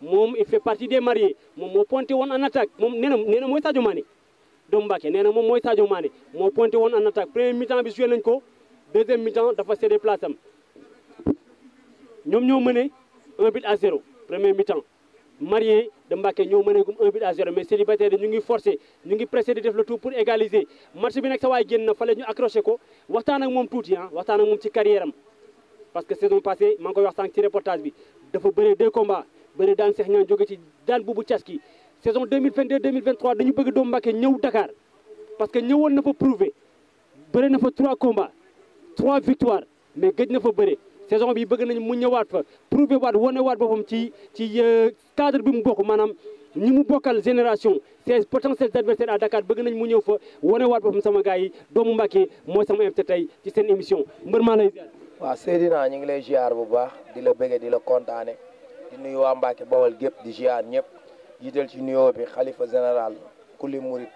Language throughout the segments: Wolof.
mom il fait partie des mariés mom mo pointé won en attaque mom nee na moy na mooy Sadio Mané doomu Mbacké nee na moom Sadio Mané pointé en attaque premier mi-temps bi joué nañ ko deuxième mi-temps dafa cédé place am ñoom ñoo mëne un but à zéro premier mi-temps marié de Mbacké ñoo mëné gum un but à zéro mais célibataire ñu ngi forcé ñu ngi pressé di def le tout pour égaliser match bi nag sa way génn na fale ñu accrocher ko waxtaan ak moom tuuti hein waxtaan ak mom ci carrière am parce que saison passée maa ngi koy wax sank ci reportage bi dafa bëre deux combats bëri daan Cheikh ñaan jóge ci daan bubu tiaski saison 2022 2023 dañu bëgg doom Mbacké ñëw Dakar parce que ñëwoon na fa prouver bëri na fa 3 combats 3 victoires mais gëj na fa bëre saison bi bëgg nañ mu ñëwaat fa prouver waat woné waat boppam ci ci euh, cadre bi mu bokk manam ñi mu bokkal génération ses potentiels adversaires à Dakar bëgg nañ mu ñëw fa woné waat boppam sama gaay yi doomu Mbacké moy sama invité tay ci seen émission mbeur ma lay. ziar wa Seydina ñu ngi lay ziar bu baax di la bëggee di la kontaane. nuyu waa Mbacke Bawol gépp di ziar ñëpp jiital ci nuyoo bi xalifa général kuli murit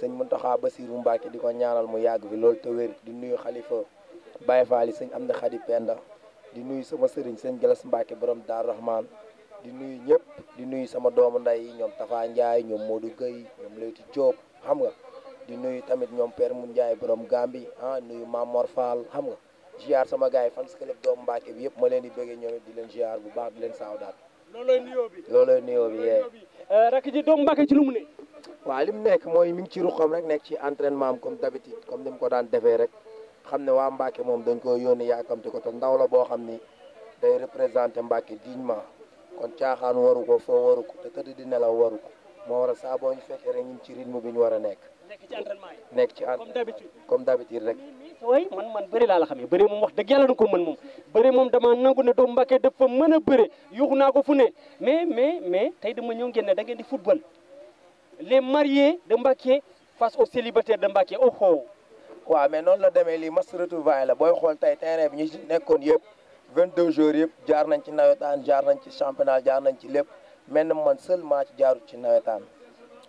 sëñ Muntaxa Basiru Mbacke di ko ñaanal mu yàgg fi loolu te di nuyu xalifa Baye Fall yi sëñ Amdi Xadi Penda di nuyu sama sëriñ sëñ Galas Mbacke borom Daar Rahman di nuyu ñëpp di nuyu sama doomu nday ñoom Tafa Ndiaye ñoom Modou Gueye ñoom Leyti Diop xam nga di nuyu tamit ñoom Père Mun Ndiaye borom Gambi ah nuyu Mamor Fall xam nga ziar sama gars yi fan si club doomu Mbacke bi yëpp ma leen di bëggee ñoom it di leen ziar bu baax di leen saaw daal. loolooy nuyoo bi loolooy nuyoo bi yee. rakk ji doomu Mbacke ci lu mu ne. waaw li mu nekk mooy mi ngi ci ruqam rek nekk ci entraînement am comme d'habitude comme ni mu ko daan defee rek xam ne waa Mbacke moom dañ ko yónni yaakamti ko te ndaw la boo xam ni day représenté Mbacke dignement kon caaxaan waru ko foo waru ko te tëdd di nelaw waru ko moo war a saa boo ñu fekkee rek ñu ci rythme bi ñu war a nekk. nekk ci entraînement yi nekk ci comme d'habitude comme d'habitude rek. way man man bëri laa la xamee bëri moom wax dëgg yàlla na ko mën moom bëri moom dama nangu ne doomu Mbàkke dafa mën a bëri yuuxu naa ko fu ne mais mais tey dama ñëw ngeen ne da ngeen di football les mariés de Mbàkke face aux célibataires de Mbàkke oh oh. waaw mais noonu la demee lii match retrouvaille la booy xool tey terrain bi ñu nekkoon nekkoon yëpp 22 jours yëpp jaar nañ ci nawetaan jaar nañ ci championnat jaar nañ ci lépp mel na man seulement ci jaarut ci nawetaan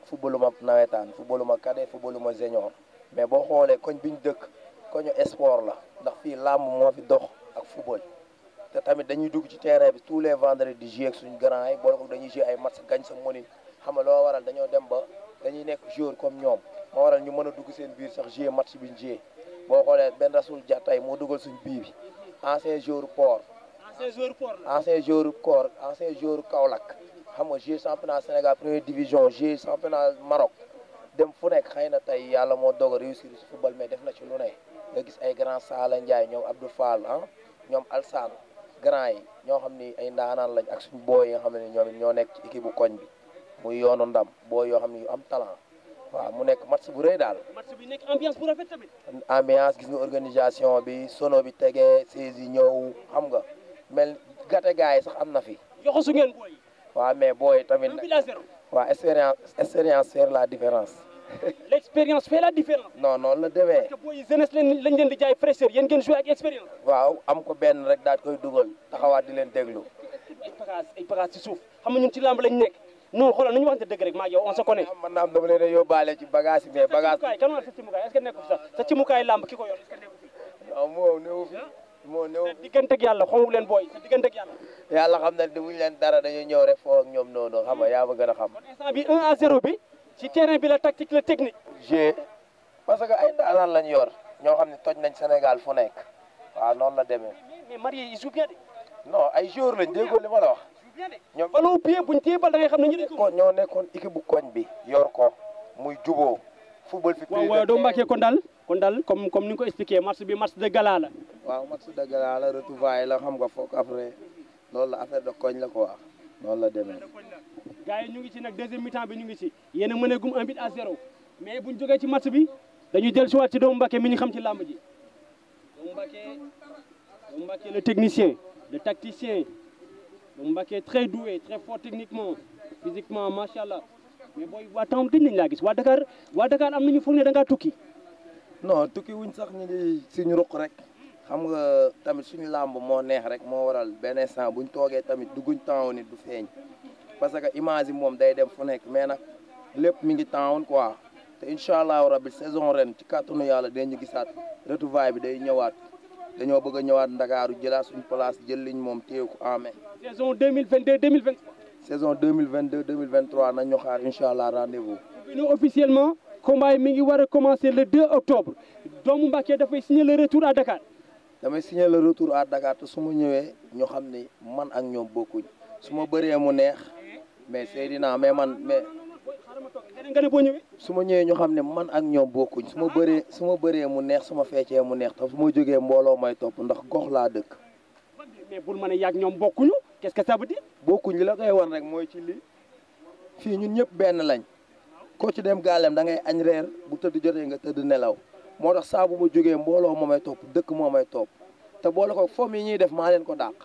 footballu ma nawetaan footballu ma cadet footballu ma senior mais boo xoolee koñ bi ñu dëkk. koñu sport la ndax fii làmb moo fi dox ak football te tamit dañuy dugg ci terrain bi tous les vendredis di jouer ak suñ grand yi boole ko dañuy jouer ay match gañ sa money xam nga loo waral dañoo dem ba dañuy nekk joueur comme ñoom moo waral ñu mën a dugg seen biir sax jouer match bi ñu jouer boo xoolee benn rasul ja tey moo dugal suñu bii bi ancien joueur port ancien joueur port ancien joueur koor ancien joueur Kaolack xam nga jouer championnat Sénégal première division jouer championnat Maroc dem fu nekk xëy na tey yàlla moo doog a réussir si football mais def na ci lu nga gis ay grand Saala Ndiaye ñoom Abdou Fall ah ñoom Alsaan grand yi ñoo xam ni ay ndaanaan lañ ak suñu booy yi nga xam ne ñoom it ñoo nekk ci bu koñ bi muy yoonu ndam booy yoo xam ne yu am talent waaw mu nekk match bu rëy daal. match bi nekk ambiance gis nga organisation bi sono bi tegee saisi ñëw xam nga mel gàtte gaay sax am na fi. waa ngeen booy. waaw mais tamit. waa expérience expérience faire la différence. l' expérience fait la différence. non noonu la demee parce que di jaay fraîcheur yéen ngeen joué ak expérience. waaw am ko benn rek daal koy dugal taxawaat di leen déglu. ay parages ay parages ci suuf xam nga ñun ci làmb lañ nekk noonu xoolal nañu waxante dëgg rek maa yow on se ah, sa cimukaay kan wala ki ko yor est ce que nekkul fi. waaw moo néew leen booy te digganteeg yàlla. yàlla xam na ne bu ñu leen dara dañuy ñëw rek foo ñoom noonu xam nga yaa ma a xam. kon instant bi 1 à 0 bi ci terrain bi la tactique la technique. j'ai parce que ay daalaan lañ yor ñoo xam ne toj nañ Sénégal fu nekk waaw noonu la demee. mais i yi jouent bien de. non ay joueurs lañ déggoo li ma la wax. ñoom ballon pied buñ téye bal da ngay xam ne ñu ne. kon ñoo nekkoon équipe bu koñ bi. yor ko muy juboo football fi. waaw waaw doo mbàkkee kon daal kon daal comme comme ni nga ko expliqué match bi match de gala la. waaw match de gala la retrouvaille la xam nga foog après loolu la affaire de koñ la ko wax. noonu la demee gars yi ñu ngi ci nak deuxième mi-temps bi ñu ngi ci yéen mëne gum un but à 0 mais buñ joggé ci match bi dañu jël ci wat ci doomu Mbacké mi ñi xam ci lamb ji doomu Mbacké doomu Mbacké le technicien le tacticien doomu Mbacké très doué très fort techniquement physiquement machallah mais boy wa tam gëj nañ la gis wa Dakar wa Dakar am nañu foog da nga tukki non tukki wuñ sax ñu ci ñu ruq rek xam nga tamit suñu làmb moo neex rek moo waral benn instant buñ toogee tamit dugguñ temps nit du feeñ parce que image yi moom day dem fu nekk mais nag lépp mi ngi temps quoi te incha allahu rabbi saison ren ci kàttanu yàlla dinañu gisaat retrouvaille bi day ñëwaat dañoo bëgg a ñëwaat ndakaaru jëlaat suñu place jël liñ moom téew ko en saison 2022 2023. saison 2022 2023 nañu xaar incha allah rendez-vous. ñu officiellement combat yi mi ngi war a commencer le 2 octobre doomu Mbacké dafay signer le retour à Dakar. damay signé le retour à Dakar te su ma ñëwee ñoo xam ni man ak ñoom bokkuñ su ma bëree mu neex mais Seydina mais man mais su ma ñëwee ñu xam ne man ak ñoom bokkuñ su ma bëree su ma bëree mu neex su ma feccee mu neex te su jógee mbooloo may topp ndax gox laa dëkk. mais bul ma ne yàgg ñoom bokkuñu qu'est-ce que ça veut bokkuñ li la koy wan rek mooy ci lii fii ñun ñëpp benn lañ koo ci dem gaalem da ngay añ reer bu tëdd jotee nga tëdd nelaw. moo tax saa bu ma jógee mbooloo moo may topp dëkk moo may topp te boole ko fomm yi ñuy def maa leen ko dàq.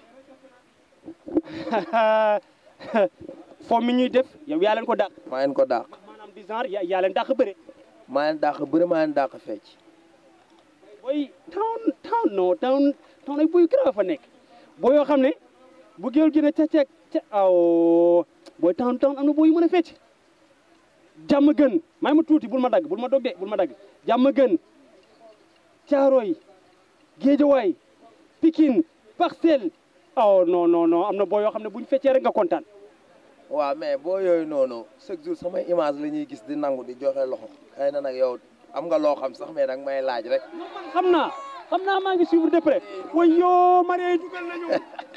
fomm yi ñuy def yow yaa leen ko dàq. maa leen ko dàq. maanaam du genre yaa leen dàq bëre. maa leen dàq bëre maa leen dàq fecc. booy town town non town town ay buy grave fa nekk boo yoo xam ne bu géwél gi ne ca ca ca aw booy town town am na boo mën a fecc jàmm gën may ma tuuti bul ma dagg bul ma dog de ma dagg jàmm gën Caaroy Géejawaay Pikine Parcelles oh non non am na boo yoo xam ne bu ñu feccee nga kontaan. waaw mais boo yooyu noonu chaque jour samay image la ñuy gis di nangu di joxe loxo xëy na nag yow am nga loo xam sax mais nag may laaj rek. xam naa xam naa maa ngi suivre de près. way yo marié dugal nañu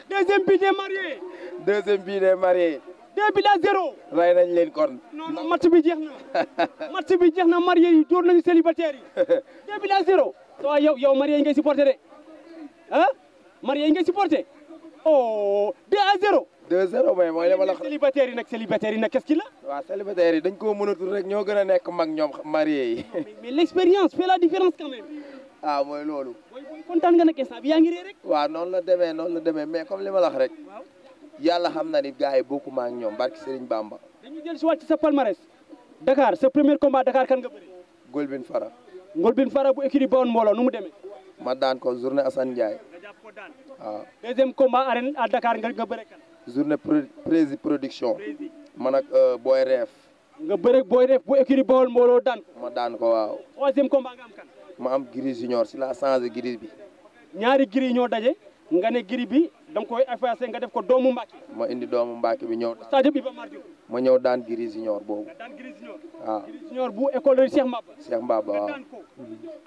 deuxième bi des mariés. deuxième bi des mariés. deux bi la zéro. rey nañ leen kon. non non bi jeex na bi jeex na marié yi door nañu célibataire yi deux bi la zéro. waaw yow yow Maria yi ngay supporté de ah Maria yi ngay supporté oh 2 à 0. 2 à 0 mais mooy li ma la wax célibataire yi nag célibataire yi nag qu'est-ce qu'il a. waaw dañ koo mënatul rek ñoo gën a nekk mag ñoom marié yi. mais l'expérience fait la différence quand même. ah mooy loolu. mooy mooy kontaan nga nag instant bi yaa ngi ree rek. waaw noonu la demee noonu la demee mais comme li ma la wax rek. waaw yàlla xam na ni gars yi bokkuma ak ñoom barki Serigne Bamba. dañu jël si waat ci sa palmarès. Dakar sa premier combat Dakar kan nga bëri. Golbin Fara. Ngolbin Fara bu écurie Bawol Mbooloo nu mu ma daan ko journée Assane Ndiaye waaw. deuxième combat arène à Dakar nga nga bëre kan. journée prési production. man ak euh, Boy Reef. nga bëre Boy Reef bu écurie Bawol Mbooloo daan ma daan ko waaw. troisième combat nga si la changé Gris bi. ñaari Gris ñoo daje nga ne Gris bi. dama koy effacé nga def ko doomu Mbacke. moo indi doomu Mbacke bi ñëw. stade Iba Mar Diop. ma ñëw daan Gris Junior boobu. nga daan Gris Junior. waaw ah. Gris Junior bu école Cheikh Mbaba. Cheikh Mbaba waaw.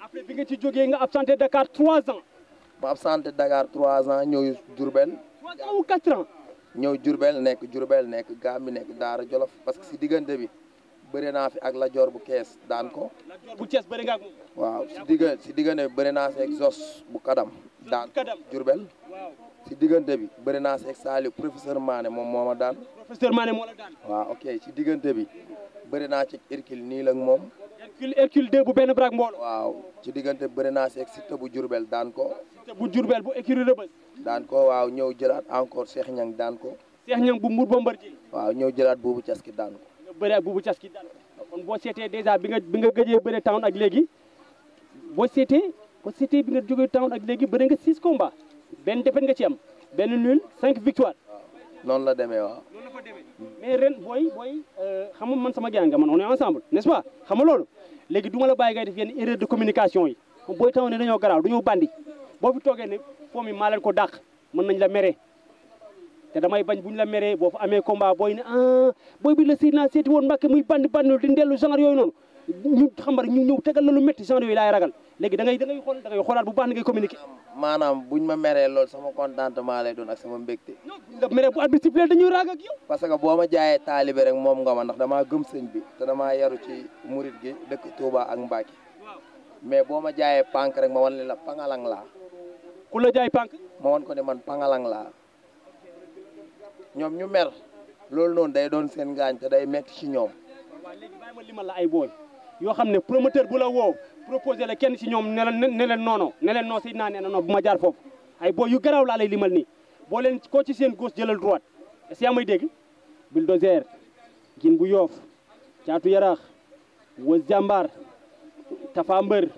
après bi nga ci jógee nga absenté Dakar 3 ans. ma absenté Dakar 3 ans ñëw Diourbel. 3 ñëw Diourbel nekk Diourbel nekk Gàmbi nekk daar Jolof parce que si diggante bi. bëri naa fi ak Lajoor bu kees daan ko. bu kees bëri nga ak moom. waaw si diggante si diggante bi bëri naa fi ak Zos bu Kadam. dans Diourbel si diggante bi bëri naa seeg Saliou professeur Mané moom moo ma daan. professeur Mané moo la daan. waaw ok si diggante bi bëri naa ci Hercule nii la moom. Hercule Hercule 2 bu benn brak mboolo waaw ci diggante bi bëri naa seeg Siteu bu Diourbel daan ko. Siteu bu Diourbel bu Hercule Rebeuss. daan ko waaw ñëw jëlaat encore Cheikh Niang daan ko. Cheikh Niang bu Mbour Bombardier. waaw ñëw jëlaat boobu caski daan ko. nga bëree ak boobu caski boo seetee dèjà bi nga bi nga gëjee bëri tawoon ak léegi boo parce que bi nga jógee town ak léegi bëri nga six komba benn défaite nga ci am benn nul cinq victoire. noonu la demee waaw. noonu la fa demee ren booy booy euh, xam nga man sama gars nga man on est ensemble n'est-ce xam nga loolu léegi du ma la bàyyi ngay def yenn erreur de communication yi booy taw ne dañoo garaaw dañoo bandi boo fi toogee ne foo mi maa leen ko dàq mën nañ la mere te damay bañ bu ñu la meree boo fa amee combat booy ne ah booy bi la si naa seeti woon mbàkke muy bandi bandi di dellu genre yooyu ñu xam rek ñu ñëw tegal la lu métti genre yooyu laay ragal léegi da ngay da ngay xool da ngay xoolaat bu baax ni ngay communiquer. maanaam buñ ma meree loolu sama contentement lay doon ak sama mbégte. nga meree bu arbitre sifflé dañuy raag ak parce que boo ma jaayee taalibe rek moom nga ma ndax damaa gëm sëñ bi te damaa yaru ci murit gi dëkk Touba ak Mbacké mais boo ma jaayee pànk rek ma wan leen la pangalang laa. ku la jaay pànk. ma wan ko ne man pangalang laa ñoom ñu mer loolu noonu day doon seen gaañ te day métti ci ñoom. waaw ma la ay booy. yoo xam ne promoteur bu la woo proposé la kenn si ñoom ne la ne leen noono ne leen non Seydina nee na bu ma jaar foofu ay boo yu garaaw laa lay limal nii boo leen koo ci seen gauche jëlal droite est-ce que yaa may dégg bulldozer gin bu yoof caatu yaraax wës jàmbaar mbër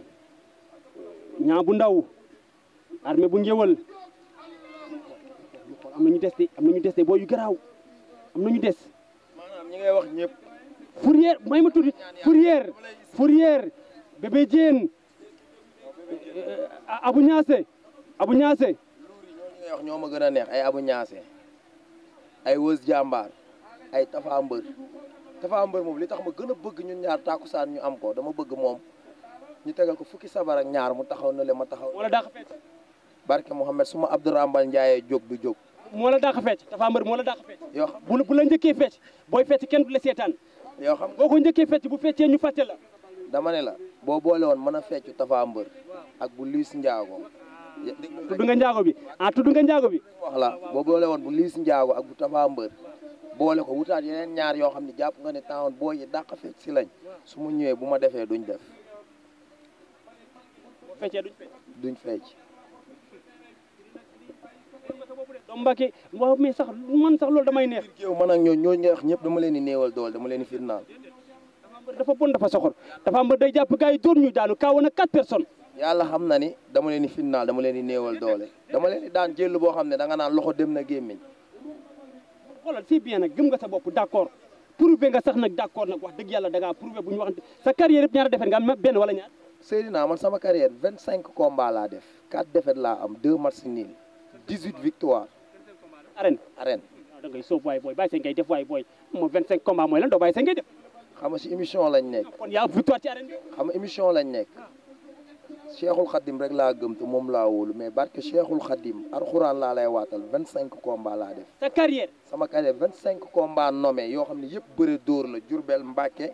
ñaa bu ndaw armée bu ngéwal am na ñu des de am na ñu des boo yu garaaw am na ñu des maanaam ñi ngay wax ñëpp fourrière may ma tuuti fourrière fourrière bébé Diène abu ñaase abu ñaase wax ñoo ma gën a neex ay abu ñaase ay wës jàmbaar ay tafa mbër tafa mbër moom li tax ma gën a bëgg ñun ñaar saan ñu am ko dama bëgg moom ñu tegal ko fukki sabar ak ñaar mu taxaw na le ma taxaw wala dàq fecc barke Mouhamed su ma Abdourahmane Ndiaye jóg du jóg moo la dàq fecc tafa mbër moo la dàq fecc yoo xam bu la njëkkee fecc booy fecc kenn du la seetaan ñoo xam boo ko njëkkee fecc bu feccee ñu fàtte la dama ne la boo boole woon mën a fecc Tapha ak bu liis Ndiago tudd nga Ndiago bi ah tudd nga Ndiago bi wax la boo boole woon bu liis Ndiago ak bu Tapha boole ko wutaat yeneen ñaar yoo xam ne jàpp nga ne tawoon boo yi dàq fecc si lañ su mu ñëwee bu ma defee duñ def feccee duñ duñ fecc Mbacke waaw mais sax man sax loolu damay neex géew man ak ñoo ñoo ñeex ñëpp dama leen di néewal dool dama leen di firnaal dafa dafa bon dafa soxor dafa mbër day jàpp gars yi dóor ñu daanu kaawoon ak quatre personnes yàlla xam na ni dama leen di firnaal dama leen di néewal doole dama leen di daan jël boo xam ne da nga naan loxo dem na gémmiñ xoolal c'est bien nag gëm nga sa bopp d'accord prouvé nga sax nag d'accord nag wax dëgg yàlla da ngaa prouvé bu ñu waxante sa carrière yëpp ñaara defet nga am benn wala ñaar Seydina man sama carrière 25 cinq combats laa def 4 défaites laa am 2 matchs nuls 18 victoires arène arène waaw ah, da ngay sóob waay booy bàyyi seen ngay def waay booy moom 25 combat mooy lan doo seen ngay def xam nga si émission lañ nekk kon yaa victoire ci nekk ah. cheikhul xadim rek laa gëm moom laa wóolu mais barke cheikhul xadim alxuraan laa lay waatal 25 combat laa def sa carrière sama carrière 25 combat yoo xam ne yëpp bëre dóor la Jurbel Mbàkke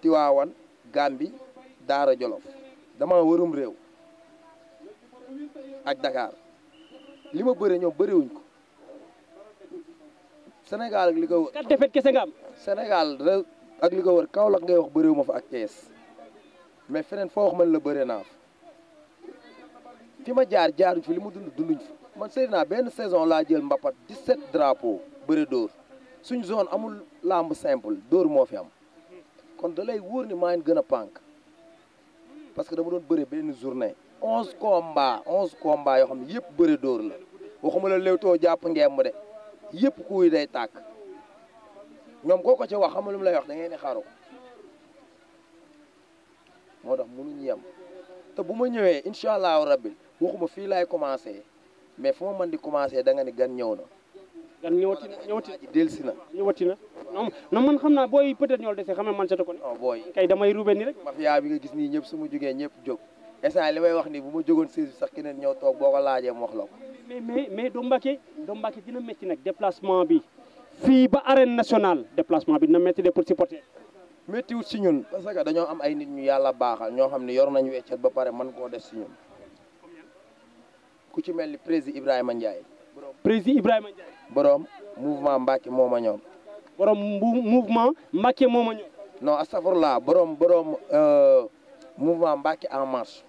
Tiwaawan Gambi Daara Jolof dama wërum réew ak Dakar li ma bëre ñoom bëriwuñ ko Sénégal ak li ko wër. kat Sénégal ak li ko wër Kaolack ngay wax bëriwu ma fa ak Thiès mais feneen foo wax man la bëree naa fa fi ma jaar jaaruñ fi li mu dund dunduñ fa man sëy naa benn saison laa jël mbapat 17 drapo bëri dóor suñ zone amul lamb simple dóor moo fi am kon da lay wóor ni maa gën a pànk parce que dama doon bëri benn journée 11 combats 11 combats yoo xam ne yëpp bëri dóor la waxuma la léewtoo jàpp ngeem de. yëpp kuy day tàkk ñoom koo ko ci wax xam lu mu lay wax da ngeen di xaru moo tax mënuñ yem te bu ma ñëwee incha allahu rabbi waxuma fii laay commencé mais fu ma mën di commencé da nga ni gan ñëw na. gan ñëwati na ñëwati na delsi na ñëwati na. non non man xam naa booy peut être dese xam ne man setu ko ni non booy kay damay rube nii rek. mafia bi nga gis nii ñëpp su ma jógee ñëpp jóg instant li may wax nii bu ma jógoon siis bi sax keneen ñëw toog boo ko laajee mu wax la mais mais mais doo Mbacké doo dina metti nak déplacement bi fi ba arène nationale déplacement bi dina metti de pour supporter. metti wut si ñun parce que dañu am ay nit ñu yalla baaxal ño xamni yor nañu weccet ba paré man ko def si ñun ku ci mel président Ibrahima Ndiaye. président Ibrahima Ndiaye. borom mouvement Mbacké moma ma ñoom. borom mouvement Mbacké moma ma ñoom. non astafurlah borom borom euh, mouvement Mbacké en marche.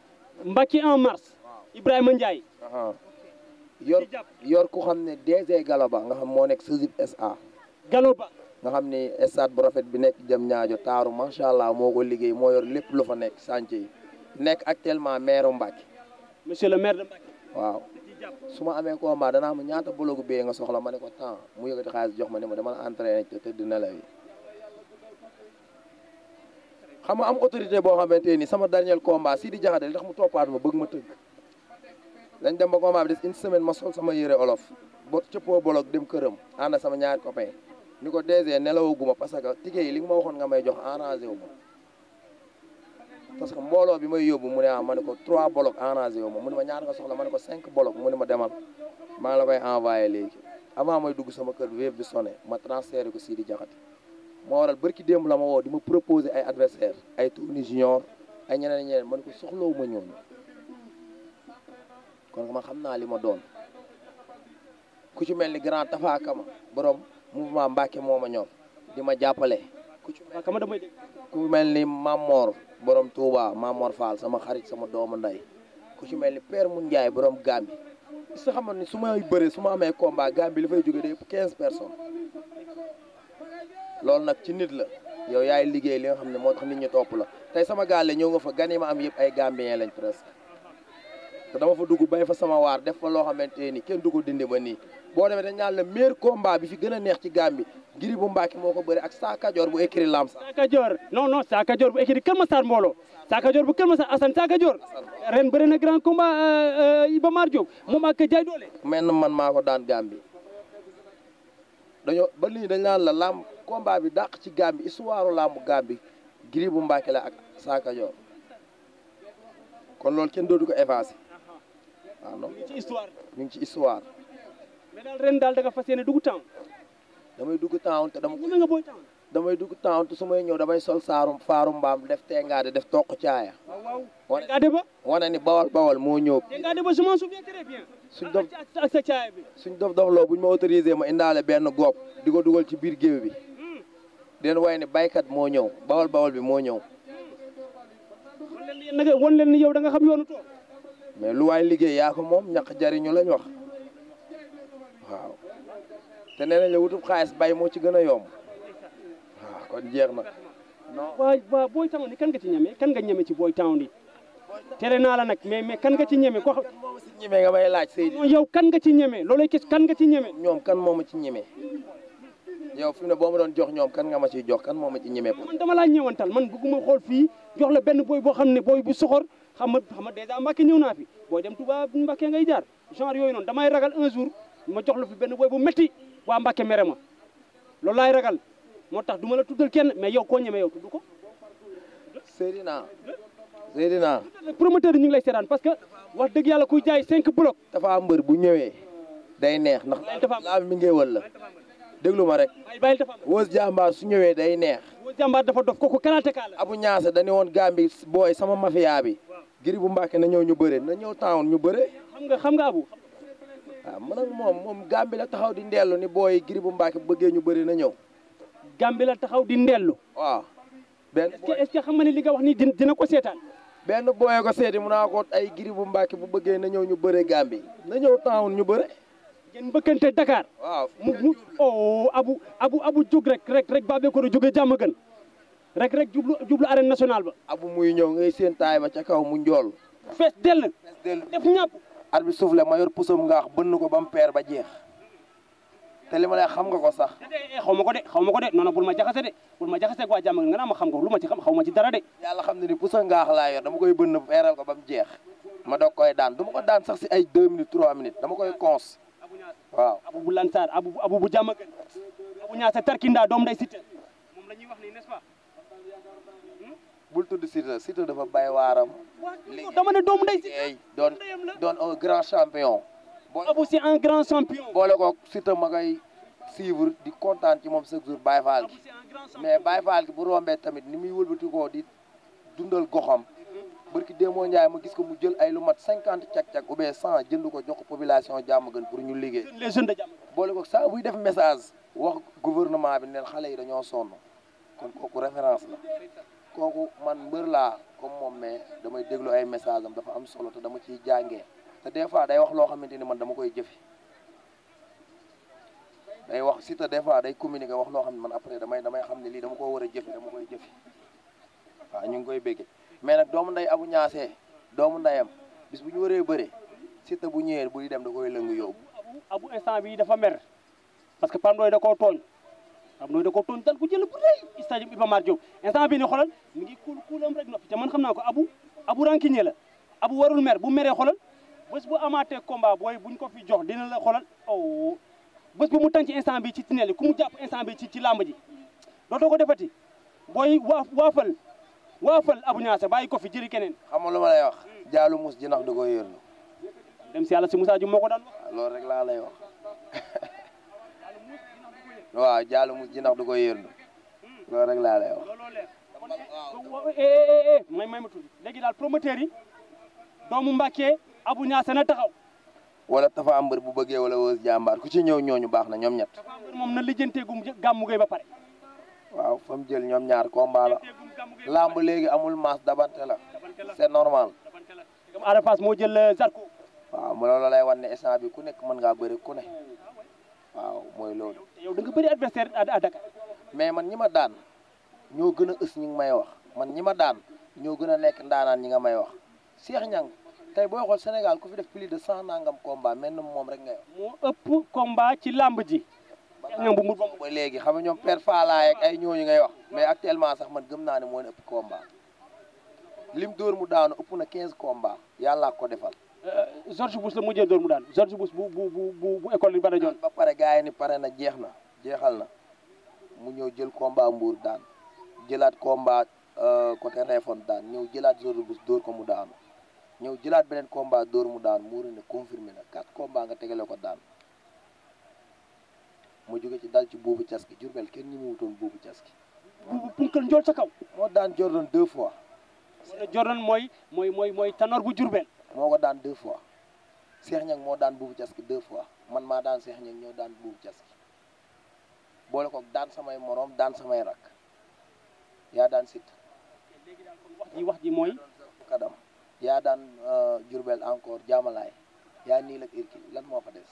Mbacké en marche. Ibrahima Ndiaye. Uh-huh. yor yor ko xamne DG Galoba nga xam mo nek Suzip SA. Galoba nga xam ni bu rafet bi nek dem ñaajo ma sha allah moko liggey mo yor lepp lu fa nek santé nek actuellement maire Mbacké. monsieur le maire de Mbacké. waaw suma ma ko ma dana ma ñaata blogu be nga soxla mané ko temps mu yëgëti xaalis jox ma ne ma dama entraîner entraîné te tëdd na la xam nga am autorité bo xamanteni sama dernier combat Sidi Diakhaté li tax mu topat ma bëgg ma teug dañ dem ba combat bi des une semaine ma sol sama yére olof ba cëppoo bolog dem këram ànd sama ñaari copain ni ko DG nelawaguma parce que ticket yi li nga ma waxoon nga may jox arrangé wu ma parce que mbooloo bi may yóbbu mu ne ah ma ne ko trois bolog arrangé wu ma mu ne ma ñaar nga soxla ma ne ko cinq bolog mu ne ma demal maa la koy envoyé léegi avant may dugg sama kër wéef bi sonné ma transféré ko di Diakhaté moo waral bërki démb la ma woo di ma proposé ay adversaire ay tourni junior ay ñeneen ñeneen man ko soxlawu ma ñoom kon ma xam naa li ma doon ku ci mel ni grand Tafa Kama borom mouvement Mbacke moo ma ñor di ma jàppale. ku ci mel mel ni Mamor boroom Touba Mamor Fall sama xarit sama doom ndey ku ci mel ni per Mun Ndiaye borom Gambi su ma ni su may bëree su ma amee combat Gambi li fay jóge day 15 personnes loolu nag ci nit la. yow yaay liggéey li nga xam ne moo tax nit ñi topp la tey sama gaale ñëw nga fa gan ma am yëpp ay Gambien lañ presque te dama fa dugg bay fa sama waar def fa loo xamante ni kenn du ko dindi ba nii boo demee da naan la meilleur combat bi fi gën a neex ci Gambie Gris bu Mbacké moo ko bari ak Sakadior bu écrit lam Sakadior no non Sakadior bu écrit Kër Massar bu Kër Massar Assane Sakadior ren bëri na grand combat euh, euh, Iba Mar Diop moom ak jaay doole na man maa ko daan Gambie dañoo ba dañ naan la lamb combat bi dàq ci Gambie histoire lamb Gambie Gris bu Mbacké la ak Sakadior kon loolu kenn dootu ko effacé waaw ah, ñu ngi ci histoire. ñu ngi ci histoire. mais daal ren daal da fas yéene dugg town. damay dugg town te dama. nga booy town. damay dugg town su may ñëw damay sol saaru faaru mbaam def tengaade def toq caaya. waaw waaw tengaade ba. wane ni bawal bawal moo ñëw. tengaade ba je m'en souviens très bien. suñ dof bi. suñ dof dof loo buñ ma autorisé ma indaale benn góob di ko dugal ci biir géew bi. Hmm. den waaye ne baykat moo ñëw bawal bawal bi moo ñëw. Hmm. mais lu waay liggéey yaa moom ñaq jariñu lañ wax waaw te nee nañ la wutub xaalis bay moo ci gën a yomb waaw kon jeex na. waaw waaw booy town ni kan nga ci ñeme kan nga ñeme ci booy town tere naa la nag mais mais kan nga ci ñeme ko xam. ñeme nga may laaj Seydou. yow kan nga ci ñeme loolay kan nga ci ñeme. ñoom kan moo ma ci ñeme. yow fi mu ne boo ma doon jox ñoom kan nga ma ciy jox kan moo ma ci ñeme. man dama laa ñëwantal man bëgguma xool fii jox la benn booy boo xam ne booy bu soxor. xam nga xam nga dèjà Mbacké ñëw naa fi booy dem Touba Mbacké ngay jaar genre yooyu noonu damay ragal un jour ma jox la fi benn booy bu métti waa Mbacké mere ma loolu laay ragal moo tax du la tuddal kenn mais yow koo ñeme yow tudd ko. Seydina Seydina. promoteur yi ñu ngi lay parce que wax dëgg yàlla kuy jaay cinq blocs. dafa am bu ñëwee day neex ndax laam mi ngéewal la déglu ma rek wóos jàmbaar su ñëwee day neex. wóos jàmbaar dafa dof kooku karaté ka la. abu ñaase dañu woon gàmbi booy sama mafia bi. Gris bu mbaake na ñëw ñu bëre na ñëw taawun ñu bëre. xam nga xam nga abu. waaw ah, man moom moom Gàmbi la taxaw di ndellu ni booy Gris bu Mbacke bëggee ñu bëre na ñëw. Gàmbi la taxaw di ndellu. waaw. benn booy xam nga ni li nga wax ni dina ko seetaan. benn booyee ko seeti mu naa ay Gris bu mbaake bu bëggee na ñëw ñu bëre Gàmbi na ñëw taawun ñu bëre. ngeen mbëkkante Dakar. waaw mu mu oh abu abu abu jóg rek rek rek baa bee ko jóge jàmm gën rek rek jublu jublu arène nationale ba. abou muy ñëw ngay seen tay ba ca kaw mu njool. fess del fees dell def ñap at bi mayor la ma yor bënn ko bam père ba jeex. té li ma lay xam nga ko sax. xawmako dé xawmako dé nono ma bul ma jaxassé dé bul ma jaxassé ko jamm nga na ma xam ko luma ci xam xawma ci dara dé yalla xam ne ni pusa ngaax la yor dama koy bënn féral ko bam jeex. ma dok koy daan duma ko daan sax ci ay 2 minutes 3 minutes dama koy cons. waaw abou bu lansaar abou abu bu abou ñaa sa tarkinda dom day cité mom lañuy wax ni n'est-ce pas bul tudd Siteu Siteu dafa bay waaram. li dama ne doomu ndey Siteu doon un grand champion. boo si un grand champion. boole ko Siteu ma koy suivre di kontaan ci moom chaque jour Baye gi mais Baye Fall gi bu rombee tamit ni muy wëlbati koo di dundal goxam. barki Démo Ndiaye ma gis ko mu jël ay lu mat cinquante càq-càq ou cent jënd ko jox ko population jàmm gën pour ñu liggéey. les jeunes de jàmm. boole ko saa buy def message. wax guvernement bi neen xale yi dañoo sonn kon kooku référence la. kooku man mbër laa comme moom mais damay déglu ay message am dafa am solo te dama ciy jàngee des fois day wax loo xamante ni man dama koy jëfi day wax si te des fois day communiquer wax loo xam ne man après damay damay xam ne lii dama ko war a jëfi dama koy jëfi waaw ñu ngi koy béggee mais nag doomu nday abu ñaasee doomu ndayam bis bu ñu waree bëre si te bu ñëwee buy dem da koy lëngu yóbbu abu instant bi dafa mer parce que Pape Ndoye tooñ xam nooy da ko tooñ dal ko jël bu rëy stade Iba Mar Diop instant bi ni xoolal mi ngi kuul kuulam rek noppi te man xam naa ko abu abu rancunier la abu warul mer bu meree xoolal bés bu amaatee combat booy buñ ko fi jox dina la xoolal oh bés bu mu tànc instant bi ci tunnel yi ku mu jàpp instant bi ci ci làmb ji dootoo ko defati booy waa waafal waafal abu ñaase bàyyi ko fi jëri keneen xam lu ma wax jaalu mus ji nax da ko dem si yàlla si Moussa Diouf moo ko daan wax loolu rek laa lay wax waa jaalu mus ji ndax du ko yëndu loolu rek laa eh, eh, eh, may may ma tudd léegi daal promoteur yi doomu Mbacke Abou Niasse na taxaw. wala Tafa Mbër bu bëggee wala Weuz Diambar ku ci ñëw ñooñu baax na ñoom ñett. moom na lijjantee gum gàmmu gay ba pare. waaw fa jël ñoom ñaar ko la lamb léegi amul maas dabante la c'est normal. comme moo jël euh, Zarko. waaw mu loolu lay wan ne bi ku nekk mën ngaa bëri ku ne. waaw mooy loolu. yow da bëri adversaire à Dakar. mais man ñi ma daan ñoo gën a ës ñi ngi may wax man ñi ma daan ñoo gën a nekk ndaanaan ñi nga may wax. Cheikh Niang tey boo xool Sénégal ku fi def plus de cent nangam combat mel na moom rek ngay moo ëpp combat ci làmb ji. ñoom bu mu ba léegi xam nga ñoom per faalaay ak ay ñoo ñooñu ngay wax mais actuellement sax man gëm naa ne moo ëpp combat lim dóor mu daanu ëpp na quinze combat yàlla ko defal. Euh, George Bush la mujjee dóor mu daan George Bush bu bu bu bu yi ba dajoon ba pare gars yi ni na jeex na jeexal na mu ñëw jël combat mbuur daan jëlaat koomba euh, côté Réfon daan ñëw jëlaat George bus dóor ko mu daanu ñëw jëlaat beneen combat dóor mu daan muuru ne confirmé na quatre combat nga tegale ko daan mu jóge ci dal ci buubu caski Jurbel kenn ñi mu wutoon buubu caski buubu punkal njool sa kaw moo daan Jordan deux fois Jordan mooy mooy mooy mooy tanoor bu Jurbel moko daan deux fois Cheikh Niang mo daan buubu jaski deux fois man ma daan Cheikh Niang ñoo daan buubu jaski boole ko daan samay morom daan samay rak ya daan sit léegi wax ji moy kadam ya daan euh, Jurbel encore jamalay ya ni lak irki lan moo fa des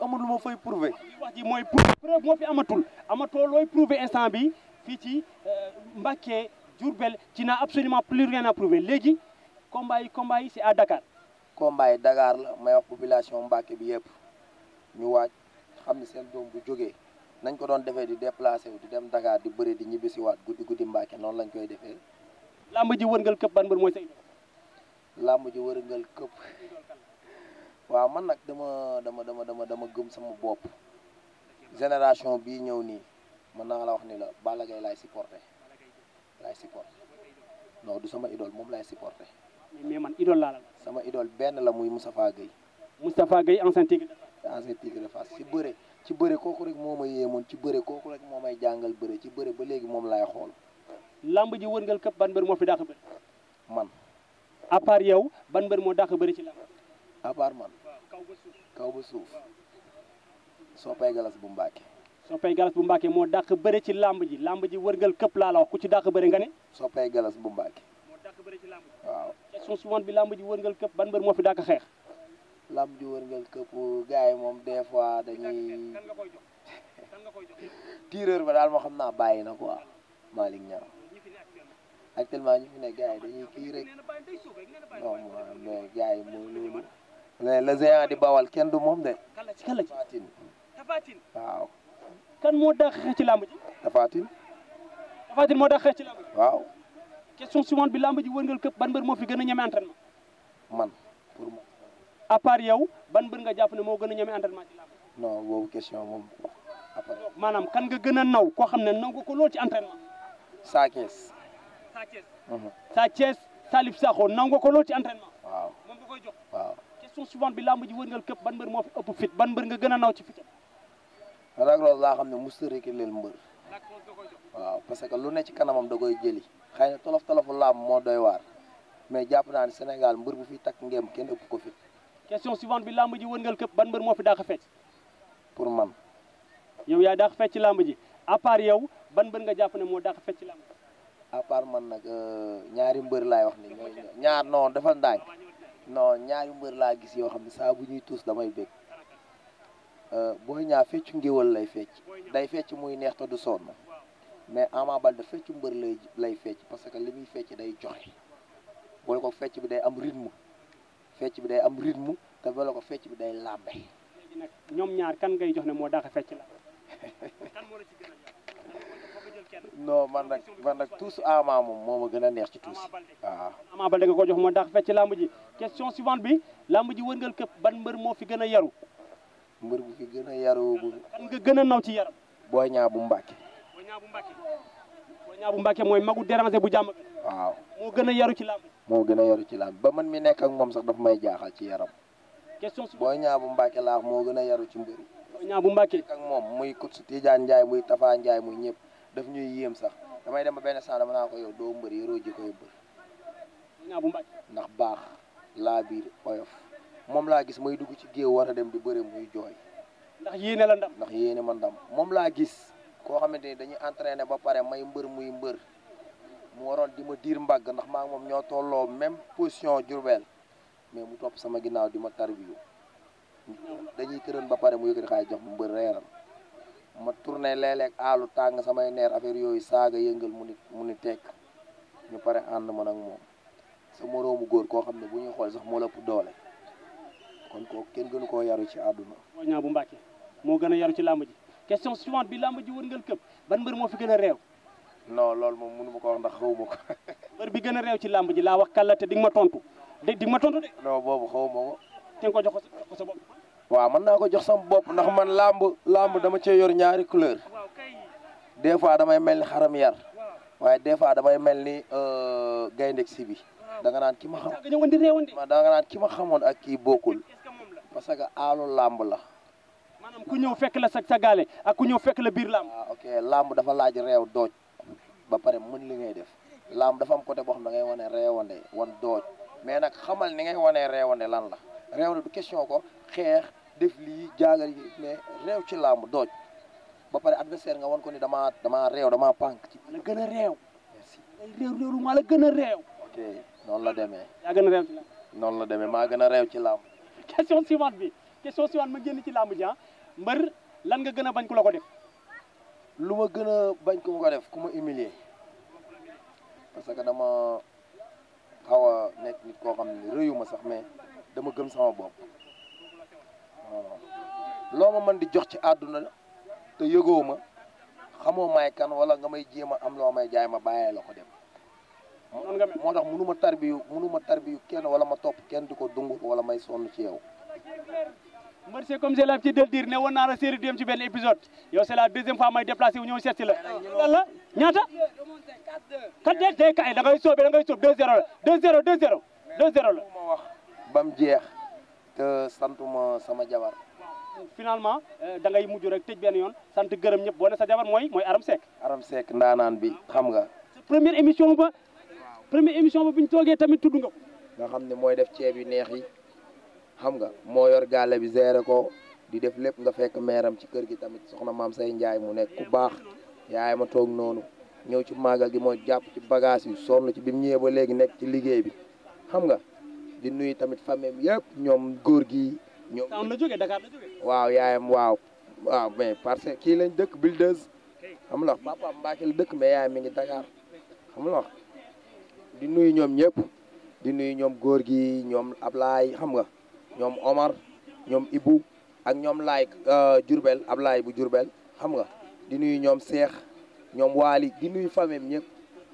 amul luma fay prouver wax ji moy preuve mo fi amatul amato loy prouver instant bi fi ci euh, mbacke Jurbel ci na absolument plus rien à prouver léegi combat yi combat yi kombai à Dakar. combat yi e Dakar la may wax population mbacke bi yépp ñu wacc xamni seen doom bu joggé nañ ko doon défé di déplacer wu di dem Dakar di bëré di wat guddi guddi mbacke non lañ koy défé lamb ji wërngal këpp ban bur moy say. lamb ji wërngal këpp wa man nak dama dama dama dama dama gëm sama bop génération bi ñëw ni man na la wax ni la balagay lay supporter lay supporter non du sama idole mom lay supporter mais man idole laa la. sama idole benn la muy Moustapha Guèye. Moustapha Guèye ancien tigre de Fass. ancien tigre de Fass ci bëre ci bëre kooku rek moo ma yéemoon ci bëre kooku rek moom ay jàngal bëre ci bëre ba léegi moom laay xool. lamb ji wërngal këpp ban mbër moo fi dàq bëri. man. à part ban mbër moo dàq bëri ci lamb. à kaw ba suuf kaw ba suuf. soppay galas bu Mbàkke. soppay galas bu Mbàkke moo dàq bëri ci lamb ji lamb ji wërngal këpp laa la wax ku ci dàq bëri nga ne. soppay galas bu Mbàkke. waaw question suivante bi làmb ji wërngal këpp ban mbër moo fi dàq xeex làmb ji wërngal këpp gars yi moom des fois dañuy tireur ba daal moo xam naa bàyyi na quoi Malick Niang actuellement ñu fi ne gars yi dañuy kii rek non mais gars yi mooy loolu mais le di bawal kenn du moom de Tafatin waaw kan moo dàq xeex ci làmb ji Tafatin Tafatin moo dàq xeex ci làmb ji waaw question suivante bi làmb ji wërngal këpp ban mbër moo fi gën man pour moi. à ban mbër nga jàpp ne moo gën a ñeme entraînement ci làmb. question moom maanaam kan nga gën a naw koo xam ne naw nga ci entraînement. Sa Thiès. Sa Thiès. Mhm. Sa Thiès Salif ko lool ci entraînement. waaw nga koy jox. waaw question suivante bi làmb ji wërngal këpp ban mbër moo fi fit ban mbër nga gën a naw ci fit. Lac laa xam ne mosut a rekk leen mbër. waaw parce que lu ne ci kanamam da jëli. xeyna tolof tolof la mo doy war mais japp naa senegal mbeur bu fi tak ngem kenn ëpp ko fi. question suivante bi lamb ji wërngal kep ban mbeur mo fi daax fecc. pour man. yow ya daax fecc lamb ji a part yow ban mbeur nga japp ne mo daax Apa fecc lamb a part man nak euh, ñaari mbeur lay wax ni ñaar non dafa ndaañ non ñaari mbeur la gis yo xamni sa saa bu ñuy tuus damay bég euh, booy ñaar feccu ngéwal lay fecc day fecc muy neex ta du sonna mais Ama Baldé feccu mbër lay lay fecc parce que li muy fecc day joxe boole ko fecc bi day am rythme fecc bi day am rythme te boole ko fecc bi day làmbe. ñoom ñaar kan ngay jox ne moo dàq fecc la. non man nag man nag tuusu Ama moom moo ma gën a neex ci tuus waaw. Ama Baldé nga ko jox moo dàq fecc làmb ji question suivante bi làmb ji wërngal këpp ban mbër moo fi gën a yaru. mbër bu fi gën a yaru nga gën a naw ci yaram. booy ñaa bu Mbàkke. ñaabu Mbacke mooy ñaabu Mbacke mooy magu déranger bu jàmm moo gën a yaru ci làmb moo gën a yaru ci ba man mi nekk ak moom sax daf may jaaxal ci yaram question su booy ñaabu Mbacke laax moo gën a yaru ci mbir booy ñaabu Mbacke ak moom muy kut su Tidiane Ndiaye muy ñëpp daf ñuy yéem sax damay dem ba benn saa dama naa ko yow doo mbër yoroo ji koy mbër ñaabu Mbacke ndax baax laa biir oyof moom laa gis may dugg ci géew war a dem di bëre muy jooy ndax yéene la ndam ndax yéene ma ndam moom laa gis ko xamante dañuy entraîner ba paré may mbeur muy mbeur mu waron dima dir mbag ndax ma ak mom ño tolo même position jurbel mais mu top sama ginaaw dima tarbiyu dañuy teureun ba paré mu yëkëti xaay jox mbeur réral ma tourné léeg-léeg aalu tàng samay neer affaire yoy saga yëngal mu nit mu nit tek ñu paré and man ak mom sa moroomu goor ko xam bu ñu xol sax mo la doole kon ko kenn gënu ko yaru ci aduna ñaa bu mbacké mo gëna yaru ci lamb ji. question suivante bi làmb ji wërngal këpp ban mbër moo fi gën a réew non lool moom mënu ma ko wax ndax xaw ma ko mbër bi gën a réew ci làmb ji laa wax kàlla te di nga ma tontu de di nga ma tontu de non boobu xaw ma ko te nga ko jox ko sa bopp waaw mën naa ko jox sama bopp ndax man làmb làmb dama cee yor ñaari couleur des fois damay mel ni xaram yar waaye des fois damay mel ni euh, gaynde si bi da nga naan ki ma a da nga naan ki ma xamoon ak kii bokkul parce que aalu làmb la maanaam ku ñëw fekk la sa sa gaale ak ku ñëw fekk la biir làmb ah, ok làmb dafa laaj réew dooj ba pare mën la ngay def làmb dafa am côté boo xam ne da ngay wane réewande wan dooj mais nag xamal ni ngay wanee réewande lan la réewande du question ko xeex def lii jaagal yi ci làmb dooj ba pare adversaire nga wan ko ni damaa damaa réew damaa pànk ci la gën réew merci réew la gën a réew noonu la demee yaa gën noonu la demee maa gën a réew ci làmb question suivante bi question suivante ma génn ci làmb ji ah. mbër lan nga gën a bañ ku la ko def. lu ma gën a bañ ku ma ko def ku ma humilier parce que dama xaw a nekk nit koo xam ne rëyu ma sax mais dama gën sama bopp loo ma mën di jox ci àdduna la te yëgoo ma xamoo may kan wala nga may jéem a am loo may jaay ma bàyyee la ko dem. moo tax mënu ma tarbiyu mënu tarbiyu kenn wala ma topp kenn du ko dung wala may sonn ci yow Mbër c'est comme je l'ai ci ne woon naa la série du yem ci benn épisode yow c'est la deuxième fois may déplacé wu ñëw seet si la la ñaata 4-2 tey kay da ngay sóobe da ngay sóob 2-0 la 2-0 2-0 2-0 la wax bam jeex te santuma sama jabar finalement euh, da ngay mujj rek te benn yoon sant gërëm ñëpp boo ne sa jabar mooy mooy Aram Seck Aram Seck ndaanaan bi xam nga première émission ba première émission ba bu ñu toogee tamit tudd nga nga xam ne mooy def ceeb yu neex yi xam nga moo yor gaale bi gérer ko di def lépp nga fekk meeram ci kër gi tamit soxna maam say njaay mu nekk ku baax yaayam ma toog noonu ñëw ci màggal gi mooy jàpp ci bagage yi sonn ci bi mu ba léegi nekk ci liggéey bi xam nga di nuyu tamit famille ñoom góor gi ñoom waaw yaayam waaw mais parce que kii lañ dëkk Builders xam nga papa Mbacke dëkk mais mi ngi Dakar di nuyu ñoom ñëpp nuyu ñoom góor gi ñoom Ablaay xam nga ñoom Omar ñoom Ibou ak ñoom lay Laay euh, Jurbel Ablaay bu Jurbel xam nga di nuyu ñoom Seex ñoom Waali di nuyu famille am ñëpp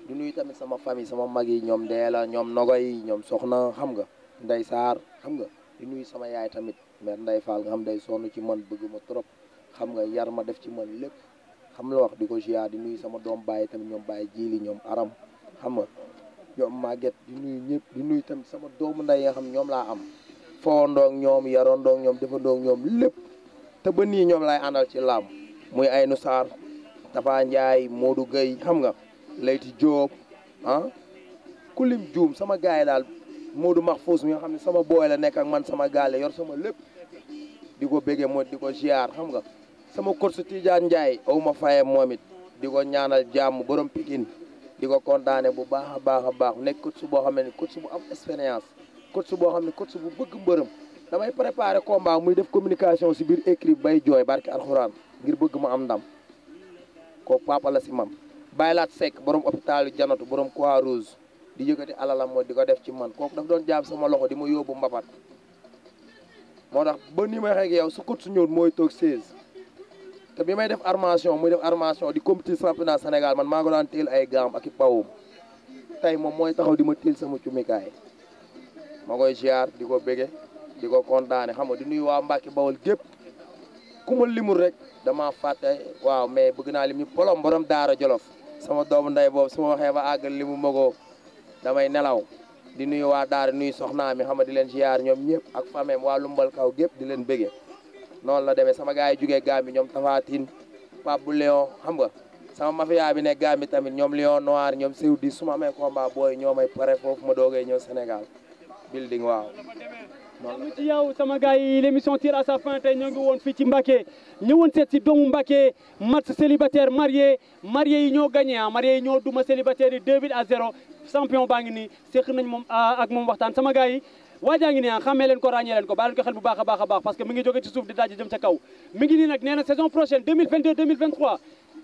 di nuyu tamit sama famille sama mag yi ñoom Deela ñoom Nogoy ñoom Soxna xam nga Ndey Saar xam nga di nuyu sama yaay tamit mère Ndey Fall nga xam day sonn ci man bëgg ma trop xam nga yar ma def ci man lépp xam la wax di ko jiyaar di nuyu sama doom bàyyi tamit ñoom bàyyi jiili ñoom aram xam nga ñoom màgget di nuyu ñëpp di nuyu tamit sama doomu nday nga xam ñoom laa am fowandoo ñoom yarandoo ñoom defandoo ñoom lépp te ba nii ñoom lay àndal ci làmb muy Aynu Sarr Tafa Ndiaye Modou Gueye xam nga Leyti Diop ah kulim juum sama gars yi daal max Mahfouz mi nga xam ne sama booy la nekk ak man sama gaale yor sama lépp di ko béggee mooy di ko ziar xam nga sama course Tidiane Ndiaye aw ma fayee moom it di ko ñaanal jàmm borom Pikine di ko kontaane bu baax a baax a baax nekk boo xam ne course bu am expérience coach bo xamni ne coach bu bëgg mbeureum damay préparer combat muy def communication ci bir écrit bay joy barki alcorane ngir bëgg mu am ndam ko papa la ci mam baylaat sek borom hôpital janatu borom croix rouge di yëkkati alalam mo diko def ci man kooku daf doon jaam sama loxo di ma yobu mbapat moo tax ba ni may xek yow su coach ñëw moy tok 16 té bi may def armation muy def armation di compétition championnat Sénégal man ma ko daan teel ay gam ak i tay mom moy taxaw di ma teel sama cumikaay ma koy ziar di ko bége di ko kontaane xam nga di nuyu waa Mbacke Bawol gépp ku ma limul rek dama fàtte waaw mais bëgg naa lim ñu bolom borom daara jolof sama doomu nday boobu su ma waxee ba àggal limu magoo damay nelaw di nuyu waa daar nuyu soxnaa mi xam di leen ziar ñoom ñëpp ak fameem waa lumbal gépp di leen bége noonu la demee sama gars yi jugee gaam bi ñoom Tafatine Pape bu Léon xam nga sama mafia bi ne gaam bi tamit ñoom Lion Noir ñoom Seydou di su ma amee combat booy ño may pare ma doogee ñëw Sénégal building waaw. mu ci yow yi l'émission tire à ñoo ngi woon fii ci Mbacké ñëwoon seet si doomu Mbacké match célibataire marié marié yi ñoo gagné ah yi ñoo duma célibataire yi 2 buts à baa ngi nii seq nañ moom ah, ak moom waxtaan sama waajaa ngi nii ah xamee ko ràññee ko baa leen ko xel bu baax a baax a baax parce que mi ngi jóge ci suuf di daaj jëm ca kaw mi ngi nii nag nee na saison prochaine 2022 2023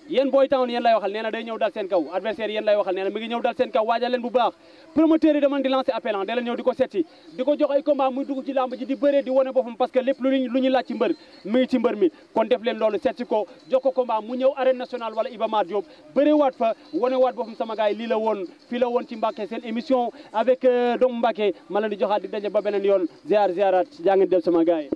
yen boy town yen lay waxal neena day ñew dal seen kaw adversaire yen lay waxal neena mi ngi ñew dal seen kaw waajal len bu baax promoteur yi dama di lancer appel ah, en leen ñëw di ko seeti di jox ay combat muy dugg ci lamb ji di beure di woné boppam parce que lepp lu ñu ñuy lacc mbeur mi ci mbeur mi kon def len lolu setti ko jox ko combat mu ñew arène nationale wala Iba Diop beure wat fa woné wat boppam sama gaay li la won fi la won ci Mbacké seen émission avec euh, dom Mbacké ma leen di joxal di daje ba benen yoon ziar ziarat jaa ngeen del sama gaay